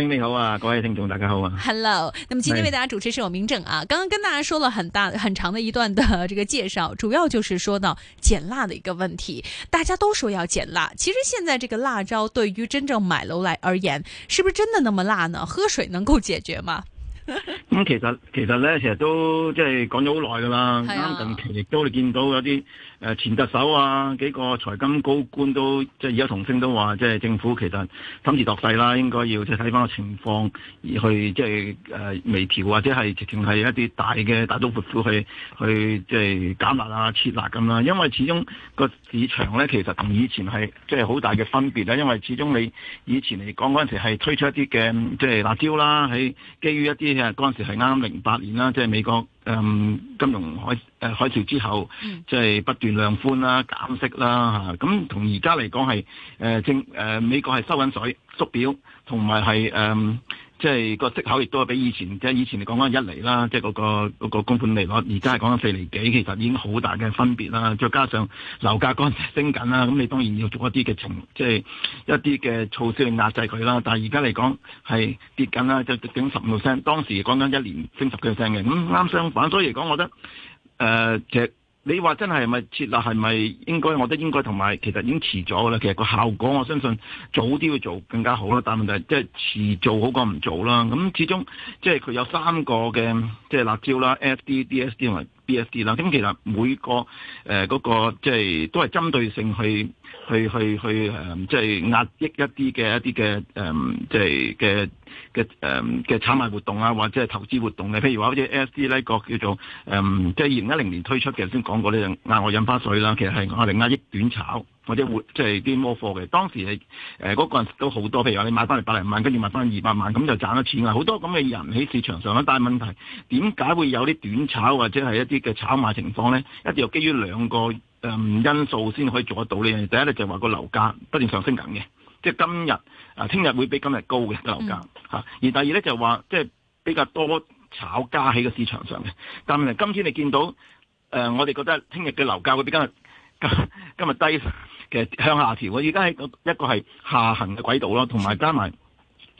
你好啊，各位聽眾大家好啊。Hello，那麼今天為大家主持是，是我明正啊。剛剛跟大家說了很大很長的一段的這個介紹，主要就是說到減辣的一個問題。大家都說要減辣，其實現在這個辣招對於真正買樓來而言，是不是真的那麼辣呢？喝水能夠解決嗎？咁、 嗯、其實其實呢，其實都即係講咗好耐㗎喇。啱 近期亦都你見到有啲。誒前特首啊，幾個財金高官都即係而家同聲都話，即係政府其實審時度勢啦，應該要即係睇返個情況而去即係誒微調，或者係直情係一啲大嘅大刀闊斧去去即係減辣啊、撤辣咁啦。因為始終個市場咧其實同以前係即係好大嘅分別啦。因為始終你以前嚟講嗰陣時係推出一啲嘅即係辣招啦，喺基於一啲誒嗰陣時係啱啱零八年啦，即係美國。嗯，金融海誒海嘯之後，即、嗯、係、就是、不斷量寬啦、減息啦吓，咁同而家嚟講，係誒、呃、正誒、呃、美國係收緊水縮表，同埋係誒。呃即係個息口亦都係比以前，即係以前嚟講緊一厘啦，即係嗰、嗰個、嗰個公款利率，而家係講緊四厘幾，其實已經好大嘅分別啦。再加上樓價嗰陣時升緊啦，咁你當然要做一啲嘅情，即係一啲嘅措施去壓制佢啦。但係而家嚟講係跌緊啦，就頂十五個 percent，當時講緊一年升十幾個 percent 嘅，咁啱相反。所以嚟講，我覺得誒，其、呃、實。即你話真係咪設立係咪應該？我覺得應該，同埋其實已經遲咗啦。其實個效果我相信早啲去做更加好啦。但問題係即係遲做好過唔做啦。咁始終即係佢有三個嘅即係辣招啦，F D D S D 同埋 B S D 啦。咁其實每個誒嗰、呃嗰個即係、即係、都係針對性去去去去誒，即、呃、係、即係、壓抑一啲嘅一啲嘅誒，即係嘅。即係嘅誒嘅炒賣活動啊，或者係投資活動咧，譬如話好似 S S D 呢個叫做誒，即係二零一零年推出嘅，頭先講過咧，額外印花稅啦，其實係我哋壓抑短炒或者活即係啲摩貨嘅。當時係誒嗰個人都好多，譬如話你買翻嚟百零萬，跟住買翻二百萬，咁就賺咗錢㗎。好多咁嘅人喺市場上咧，但係問題點解會有啲短炒或者係一啲嘅炒賣情況咧？一定要基於兩個誒、嗯、因素先可以做得到咧。第一咧就話、是、個樓價不斷上升緊嘅。即係今日，啊，聽日會比今日高嘅樓價，嗯、而第二咧就係話，即、就、係、是、比較多炒家喺個市場上嘅。但係今天你見到，誒、呃，我哋覺得聽日嘅樓價會比今日今日低嘅，向下調。我而家喺一個係下行嘅軌道咯，同埋加埋。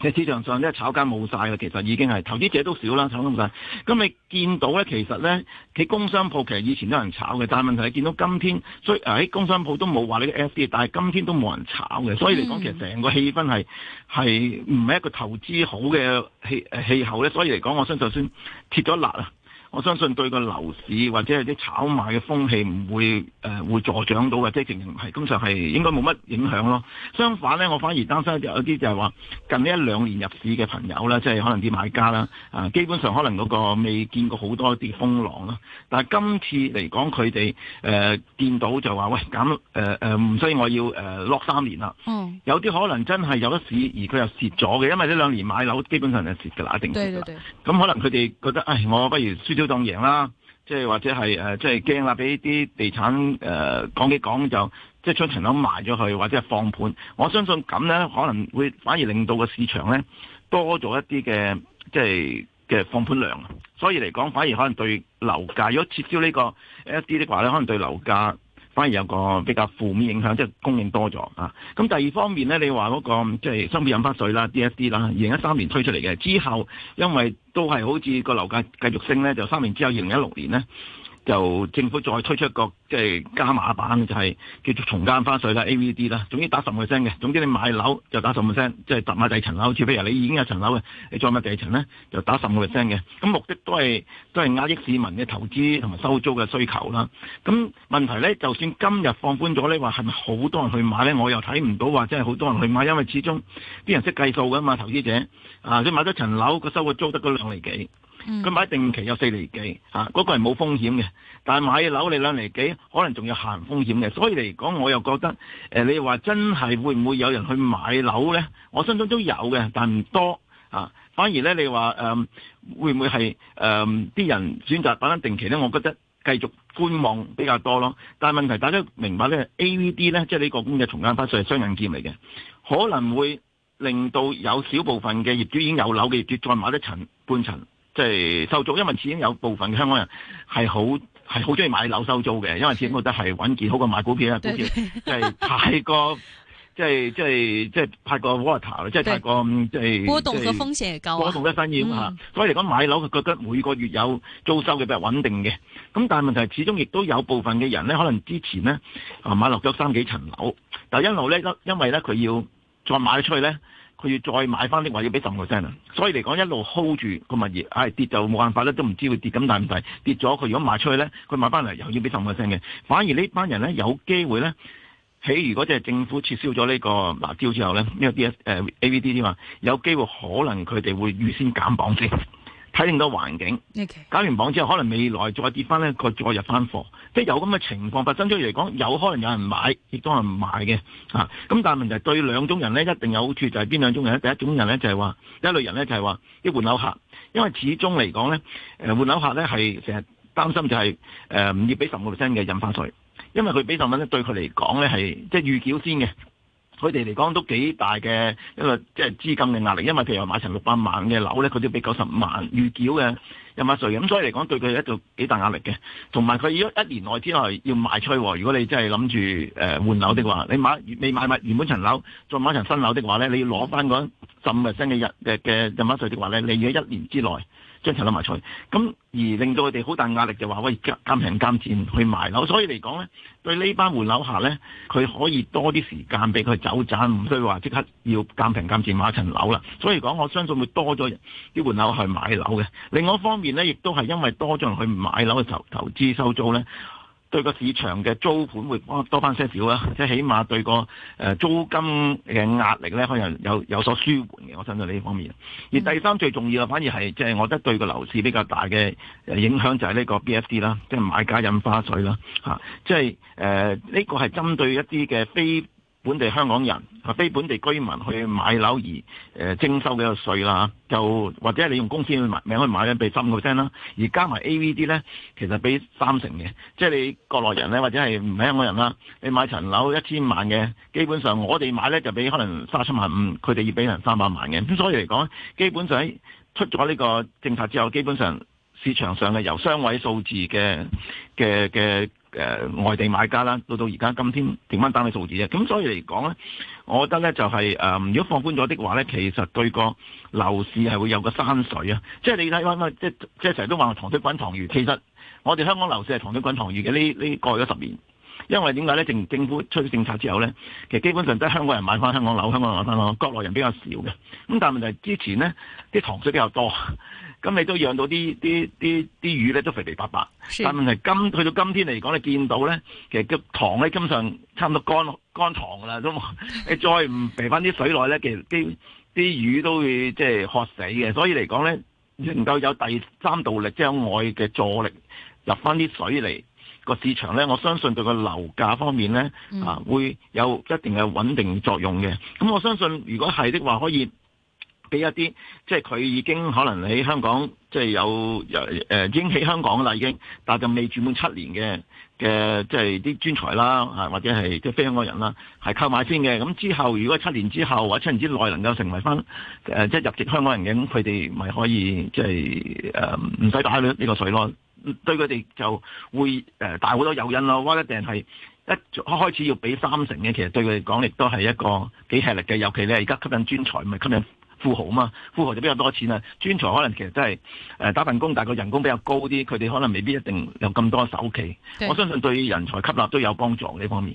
喺市場上咧，炒家冇晒啦，其實已經係投資者都少啦，炒家冇晒，咁你見到咧，其實咧，喺工商鋪其實以前都有人炒嘅，但係問題係見到今天，所以喺工商鋪都冇話你個 F D，但係今天都冇人炒嘅。所以嚟講，其實成個氣氛係係唔係一個投資好嘅氣，、啊、氣候咧。所以嚟講，我相信首先撤咗辣。啊。我相信對個樓市或者係啲炒賣嘅風氣唔會誒、呃、會助長到嘅，即係係咁常係應該冇乜影響咯。相反咧，我反而擔心有啲就係話近一兩年入市嘅朋友啦，即係可能啲買家啦，啊、呃、基本上可能嗰個未見過好多啲風浪啦。但係今次嚟講，佢哋誒見到就話喂減，誒誒，唔、呃、需要我要鎖、呃、三年啦、嗯。有啲可能真係有得市，而佢又蝕咗嘅，因為呢兩年買樓基本上就蝕㗎啦，一定嘅。咁可能佢哋覺得唉、哎，我不如輸推動贏啦，即係或者係誒，即係驚啦，俾啲地產誒、呃、講幾講就，即係將層樓賣咗去，或者係放盤。我相信咁咧，可能會反而令到個市場咧多咗一啲嘅，即係嘅放盤量。所以嚟講，反而可能對樓價，如果撤銷呢、呢個一 d 的話咧，可能對樓價。反而有個比較負面影響，即係供應多咗啊！咁第二方面咧，你話嗰個即係雙倍印花稅啦、DSD 啦，二零一三年推出嚟嘅之後，因為都係好似個樓價繼續升咧，就三年之後，二零一六年咧。就政府再推出一個即係加碼版、就係，就係叫做從價印花稅啦，AVD 啦，總之打十個 percent 嘅。總之你買樓就打十個 percent，即係搭埋第二層樓。譬如你已經有層樓嘅，你再買第二層咧，就打十個 percent 嘅。咁目的都係都係壓抑市民嘅投資同埋收租嘅需求啦。咁問題咧，就算今日放寬咗，你話係咪好多人去買咧？我又睇唔到話真係好多人去買，因為始終啲人識計數噶嘛，投資者啊，你買咗層樓，個收個租得嗰兩釐幾。佢、嗯、買定期有四厘幾，嗰個係冇風險嘅。但係買樓你兩厘幾，可能仲要行風險嘅。所以嚟講，我又覺得、呃、你話真係會唔會有人去買樓呢？我心中都有嘅，但係唔多啊。反而呢，你話、呃、會唔會係誒啲人選擇擺定期呢？我覺得繼續觀望比較多咯。但係問題大家明白呢，AVD 呢，即係呢個工嘅重金花，所以係雙刃劍嚟嘅，可能會令到有少部分嘅業主已經有樓嘅業主再買一層半層。即係收租，因為始終有部分嘅香港人係好係好中意買樓收租嘅，因為始終覺得係穩健好過買股票啊！股票即係太過即係即係即係太過 volatile 啦，即係太過即係波動嘅風險，又波動嘅風意。啊！所以嚟講買樓，佢覺得每個月有租收嘅比較穩定嘅。咁但係問題係始終亦都有部分嘅人咧，可能之前咧，啊買落咗三幾層樓，但係一路咧因因為咧佢要再賣出去咧。佢要再買翻的話，要俾十五個 percent，所以嚟講一路 hold 住個物業，唉、哎，跌就冇辦法啦，都唔知會跌咁大唔大，跌咗佢如果賣出去咧，佢買翻嚟又要俾十五個 percent 嘅，反而呢班人咧有機會咧，喺如果即係政府撤銷咗呢、這個辣招之後咧，呢、這個 D S 誒 A V D 啲話有機會可能佢哋會預先減磅先。睇定到環境，搞完榜之後，可能未來再跌翻咧，佢再入翻貨，即係有咁嘅情況發生咗，嚟嚟講，有可能有人買，亦都唔買嘅嚇。咁、啊、但係問題係對兩種人呢，一定有好處，就係邊兩種人咧？第一種人呢就係話，就係話一類人呢就係話，就係話啲換樓客，因為始終嚟講呢，誒換樓客呢係成日擔心就係誒唔要俾十五個 percent 嘅印花稅，因為佢俾十蚊咧對佢嚟講呢，係即係預繳先嘅。佢哋嚟講都幾大嘅一個即係資金嘅壓力，因為譬如買成六百萬嘅樓呢，佢都要畀九十五萬預繳嘅印花稅，咁所以嚟講對佢有一度幾大壓力嘅。同埋佢要一年內之內要賣出，如果你真係諗住誒換樓嘅話，你買你買埋原本層樓，再買層新樓嘅話呢，你要攞返嗰十五 percent 嘅一嘅嘅印花稅的話呢，你要喺一年之內。將層樓賣出去，咁而令到佢哋好大壓力就話喂，減平減賤去賣樓，所以嚟講呢對呢班換樓客呢，佢可以多啲時間俾佢走盞，唔需要話即刻要減平減賤買一層樓啦。所以講，我相信會多咗人啲換樓去買樓嘅。另外一方面呢，亦都係因為多咗人去買樓嘅投投資收租呢。對個市場嘅租盤會多翻些少啦，即係起碼對個租金嘅壓力咧，可能有有所舒緩嘅。我相信呢方面。而第三最重要嘅，反而係即係我覺得對個樓市比較大嘅影響，就係呢個 BFD 啦，即係買家印花稅啦，嚇，即係誒呢個係針對一啲嘅非。本地香港人啊，非本地居民去買樓而、誒、呃、徵收嘅個稅啦，就或者你用公司去買，名去買咧，俾三個 percent 啦。而加埋 A.V.D 咧，其實俾三成嘅，即係你國內人咧，或者係唔係香港人啦，你買層樓一千萬嘅，基本上我哋買咧就俾可能三十七萬五，佢哋要俾人三百萬嘅。咁所以嚟講，基本上喺出咗呢個政策之後，基本上市場上嘅由雙位數字嘅嘅嘅。誒、呃、外地買家啦，到到而家今天剩翻單位數字啊，咁所以嚟講咧，我覺得咧就係、是、誒、呃，如果放寬咗的話咧，其實對個樓市係會有個山水啊，即係你睇翻翻，即即成日都話塘水滾塘魚，其實我哋香港樓市係塘水滾塘魚嘅呢呢過咗十年，因為點解咧？政政府出咗政策之後咧，其實基本上都得香港人買翻香港樓，香港人買翻咯，國內人比較少嘅，咁但係問題係之前咧啲塘水比較多。咁你都養到啲啲啲啲魚咧，都肥肥白白。但問題今去到今天嚟講你見到咧，其實個塘咧，基本上差唔多乾乾塘啦都。 你再唔肥翻啲水來咧，其實啲啲魚都會即係渴死嘅。所以嚟講咧，能夠有第三道力，將外嘅助力，入翻啲水嚟、個市場咧，我相信對個樓價方面咧、嗯，啊會有一定嘅穩定作用嘅。咁我相信如果係的話，可以。俾一啲即係佢已經可能喺香港即係有有、呃、已經喺香港啦已經，但係就未住滿七年嘅嘅即係啲專才啦，啊或者係即係非香港人啦，係購買先嘅。咁之後如果七年之後或者七年之內能夠成為翻、呃、即係入籍香港人嘅，咁佢哋咪可以即係誒唔使打呢呢個水咯。對佢哋就會誒大好多誘因咯。或者定係一開始要俾三成嘅，其實對佢哋講亦都係一個幾吃力嘅。尤其咧而家吸引專才，咪吸引。富豪嘛，富豪就比較多錢啦。專才可能其實真係、呃、打份工，但係個人工比較高啲，佢哋可能未必一定有咁多首期。我相信對人才吸納都有幫助呢方面。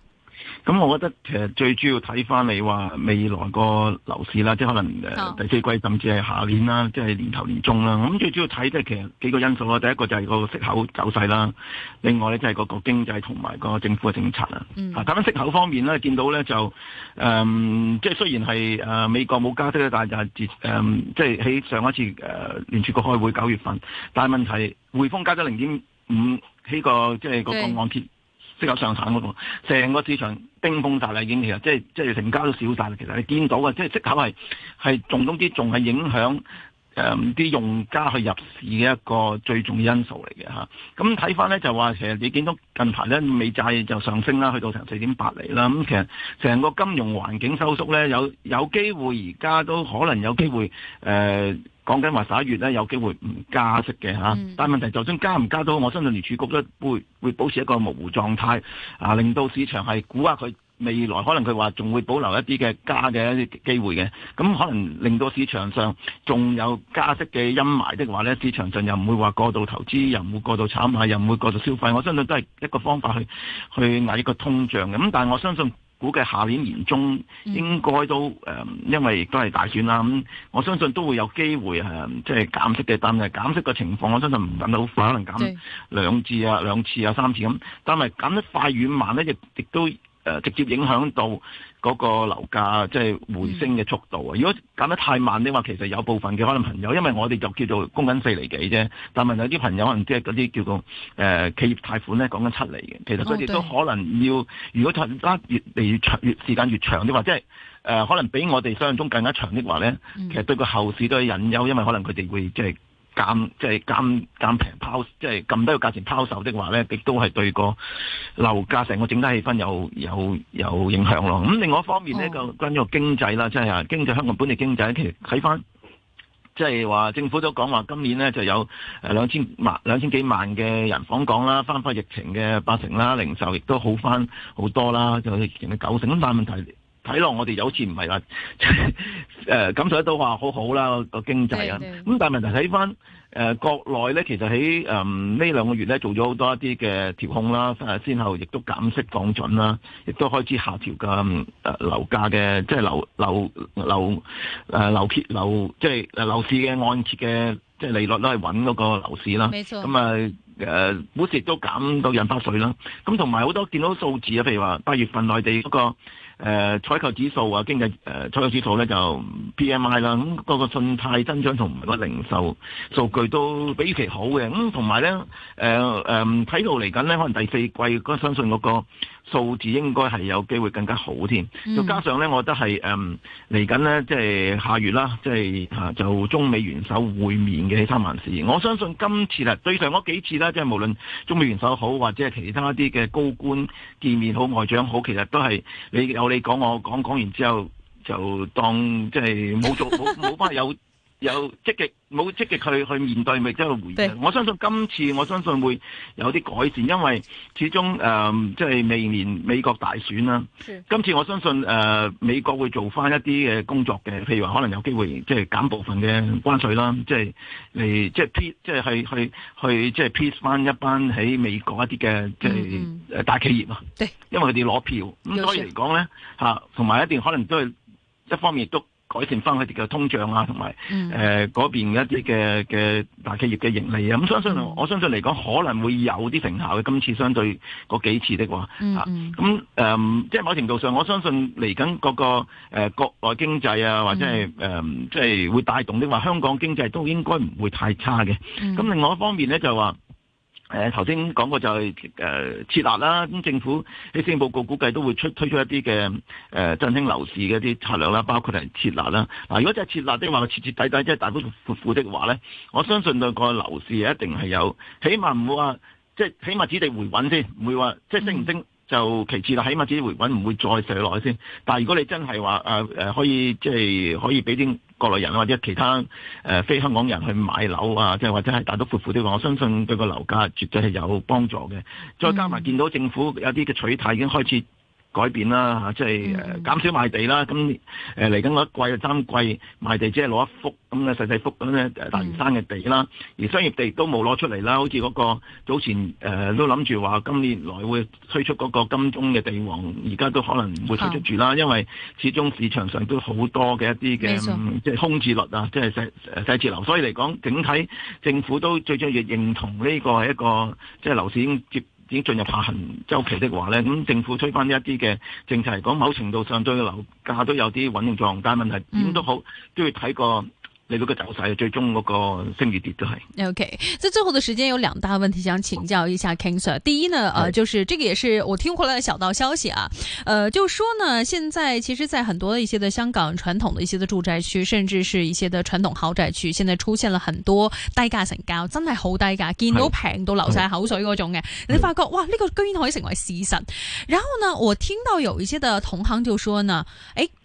咁，我覺得其實最主要睇翻你話未來個樓市啦，即係可能誒第四季，甚至係下年啦，即、嗯、係、即係、年頭年中啦。咁最主要睇即係其實幾個因素啦。第一個就係個息口走勢啦，另外咧即係個個經濟同埋個政府嘅政策啦咁啊，息口、嗯、方面咧，見到咧就誒、嗯，即係雖然係美國冇加息咧，但係就係即係喺上一次誒聯儲局開會，九月份，但係問題匯豐加咗零點五起個即係個降按揭。息口上癱嗰度，成個市場冰封曬啦，已經其實即係即係成交都少晒啦。其實你見到嘅，即係息口係係仲多啲，仲係影響誒啲、呃、用家去入市嘅一個最重要因素嚟嘅嚇。咁睇翻咧就話，其實你見到近排咧美債就上升啦，去到成四點八厘啦。咁其實成個金融環境收縮咧，有有機會而家都可能有機會誒。呃講緊話十一月咧有機會唔加息嘅嚇、嗯，但係問題就算加唔加到，我相信聯儲局都會會保持一個模糊狀態，啊令到市場係估下佢未來可能佢話仲會保留一啲嘅加嘅一啲機會嘅，咁可能令到市場上仲有加息嘅陰霾的話呢，市場上又唔會話過度投資，又唔會過度炒賣，又唔會過度消費，我相信都係一個方法去去捱一個通脹嘅，咁但係我相信。估計下年年中應該都誒、嗯，因為亦都係大選啦、啊，咁我相信都會有機會誒、嗯，即係減息嘅。但係減息嘅情況，我相信唔等得好快，可能減兩次啊、兩次啊、三次咁、啊。但係減得快與慢咧、啊，亦亦都。誒、呃、直接影響到嗰個樓價，即、就、係、是、回升嘅速度啊、嗯！如果減得太慢的話，其實有部分嘅可能朋友，因為我哋就叫做供緊四厘幾啫，但係有啲朋友可能即係嗰啲叫做誒、呃、企業貸款咧，講緊七厘嘅，其實佢哋都可能要，哦、如果突然間越嚟越，越長，越，越時間越長的話，即係誒、呃、可能比我哋想象中更加長的話咧、嗯，其實對個後市都有隱憂，因為可能佢哋會即係。減即係、就是、減減平拋即係撳低個價錢拋售的話咧，亦都係對個樓價成個整體氣氛有有有影響咯。咁另外一方面咧，就關於個經濟啦，即係啊經濟香港本地經濟，其實睇翻，即係話政府都講話今年咧就有誒兩千萬兩千幾萬嘅人訪港啦，翻翻疫情嘅八成啦，零售亦都好翻好多啦，就疫情嘅九成。咁但係問題睇落我哋有次唔係話感受得到話好好啦、那個經濟啊，咁但係問題睇翻誒國內咧，其實喺誒呢兩個月咧做咗好多一啲嘅調控啦，先後亦都減息降準啦，亦都開始下調嘅誒、呃、樓價嘅即係樓樓樓誒、呃、樓撇樓即係樓市嘅按揭嘅即係利率都係揾嗰個樓市啦。咁啊誒股市都減到印花稅啦。咁同埋好多見到數字啊，譬如話八月份內地嗰、那個。誒採購指數啊，經濟誒採購指數咧就 PMI 啦，咁、嗰個信貸增長同埋個零售數據都比預期好嘅，咁同埋咧誒誒睇到嚟緊咧，可能第四季嗰個相信嗰個。數字應該係有機會更加好添，嗯，就加上呢，我覺得係誒嚟緊呢，即係下月啦，即係啊、就中美元首會面嘅三萬事。我相信今次啦，對上嗰幾次啦，即係無論中美元首好，或者係其他一啲嘅高官見面好，外長好，其實都係你有你講我講，講完之後就當即係冇做好，冇翻有。 有積極冇積極去去面對咪即係回應，我相信今次我相信會有啲改善，因為始終誒即係未年美國大選啦。今次我相信誒、呃、美國會做翻一啲嘅工作嘅，譬如話可能有機會即係減部分嘅關稅啦，即係嚟即係 p 即係去去去即、就、係、是、peace 翻一班喺美國一啲嘅即係大企業啊、嗯。對，因為佢哋要攞票咁，所以嚟講咧吓同埋一定可能都係一方面都。改善翻佢哋嘅通脹啊，同埋誒嗰邊一啲嘅嘅大企業嘅盈利啊，咁相信我相信嚟講可能會有啲成效嘅。今次相對嗰幾次的話咁誒，即係某程度上，我相信嚟緊嗰個誒、呃、國內經濟啊，或者係、嗯嗯、即係會帶動的話，香港經濟都應該唔會太差嘅。咁、嗯、另外一方面咧，就話。誒頭先講過就係誒撤辣啦，咁、呃、政府喺經濟報告估計都會出推出一啲嘅誒振興樓市嘅一啲策略啦，包括係撤辣啦。嗱、呃，如果真係撤辣即係話徹徹底底即係大幅復復的話咧，我相信個個樓市一定係有，起碼唔會話即係起碼止跌回穩先，唔會話即係升唔升、嗯、就其次啦。起碼止跌回穩唔會再跌落去先。但係如果你真係話誒誒可以即係、就是、可以俾啲。國內人或者其他誒、呃、非香港人去買樓啊，即係或者係大刀闊斧啲話，我相信對個樓價絕對係有幫助嘅、嗯。再加埋見到政府有啲嘅取態已經開始。改變啦吓，即係誒減少賣地啦。咁誒嚟緊嗰一季啊，三季賣地只係攞一幅咁嘅細細幅咁嘅大嶼山嘅地啦、嗯。而商業地都冇攞出嚟啦。好似嗰個早前誒、呃、都諗住話今年來會推出嗰個金鐘嘅地王，而家都可能會推出住啦、嗯。因為始終市場上都好多嘅一啲嘅即係空置率啊，即係細細細節流。所以嚟講，整體政府都最中意認同呢個係一個即係、就是、樓市已經接。已經進入下行周期的話，咧，政府推翻一啲嘅政策嚟講，某程度上對樓價都有啲穩定作用。問題點都好都要睇個。你嗰個走勢，最終嗰個升與跌都係。OK，在、so, 最後的時間有兩大問題想請教一下、oh. King Sir。第一呢，oh. 呃，就是這個也是我聽過來的小道消息啊。呃，就說說呢，現在其實在很多一些的香港傳統的一些的住宅區，甚至是一些的傳統豪宅區，現在出現了很多低價成交，真係好低價，見、oh. 到平都流晒口水嗰種嘅。Oh. 你發覺、oh. 哇，呢、這個居然可以成為事實。然後呢，我聽到有一些的同行就說呢，誒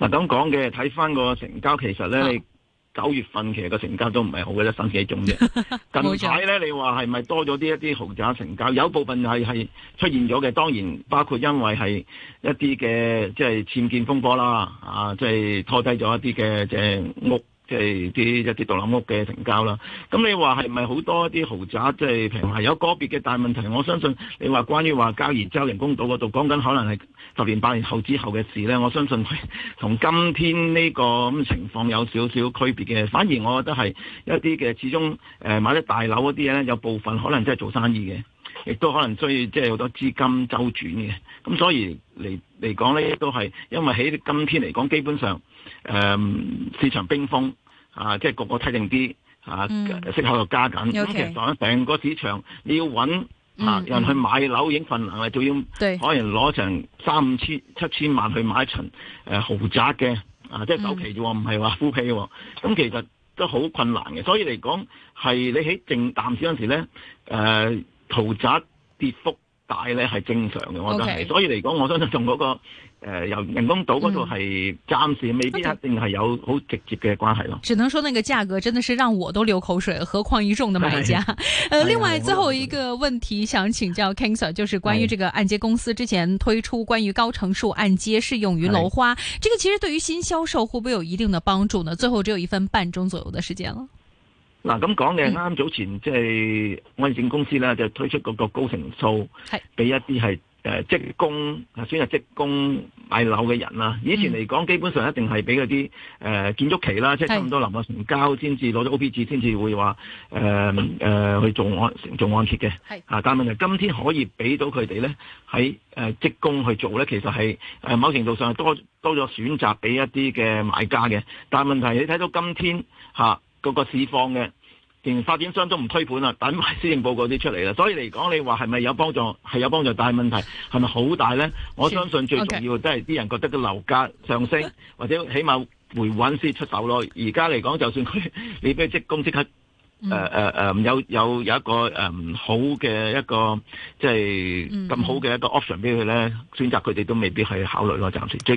嗱咁講嘅睇翻個成交，其實咧你九、啊、月份其實個成交都唔係好嘅，一生幾宗嘅。近排咧，你話係咪多咗啲一啲豪宅成交？有部分係係出現咗嘅，當然包括因為係一啲嘅即係僭建風波啦，啊即係、就是、拖低咗一啲嘅即係屋。即係啲一啲獨立屋嘅成交啦，咁你話係咪好多啲豪宅即係平？係、就是、有個別嘅大問題，我相信你話關於話交椅洲人工島嗰度講緊，可能係十年八年後之後嘅事呢。我相信同今天呢個咁情況有少少區別嘅。反而我覺得係一啲嘅，始終誒買得大樓嗰啲嘢呢，有部分可能真係做生意嘅。亦都可能需要即係好多資金周轉嘅，咁所以嚟嚟講咧，都係因為喺今天嚟講，基本上誒、嗯、市場冰封啊，即係個個睇定啲啊，息口都加緊。咁、okay. 其實講成個市場，你要揾、啊嗯、人去買樓已經困難，影份能力仲要可能攞成三五千七千萬去買一層豪宅嘅啊，即係首期啫喎，唔係話敷氣喎。咁其實都好困難嘅，所以嚟講係你喺靜淡市嗰陣時咧誒。呃屠宅跌幅大呢係正常嘅，我覺得。Okay. 所以嚟講，我相信仲嗰、那個、呃、由人工島嗰度係暫時未必一定係有好直接嘅關係咯。Okay. 只能說那個價格真的是讓我都流口水，何況一眾的買家。呃，另外最後一個問題想請教 King Sir 就是關於這個按揭公司之前推出關於高成數按揭適用於樓花，這個其實對於新銷售會不會有一定的幫助呢？最後只有一分半鐘左右嘅時間了。嗱咁講嘅啱早前即係安盛公司呢，就推出嗰個高成數，係俾一啲係誒職工，算先係職工買樓嘅人啦、啊。以前嚟講，基本上一定係俾嗰啲誒建築期啦，即係差唔多臨落成交先至攞咗 OPG，先至會話誒、呃呃、去做按做按揭嘅。係啊，但問題今天可以俾到佢哋咧喺誒職工去做咧，其實係、呃、某程度上多多咗選擇俾一啲嘅買家嘅。但問題你睇到今天、啊個個市況嘅，連發展商都唔推盤啦，等埋施政報告啲出嚟啦。所以嚟講，你話係咪有幫助？係有幫助，但係問題係咪好大咧？我相信最重要都係啲人覺得個樓價上升，或者起碼回穩先出手咯。而家嚟講，就算佢你俾職工即刻誒誒誒，有有有一個唔、呃、好嘅一個即係咁好嘅一個 option 俾佢咧，選擇佢哋都未必去考慮咯。暫時最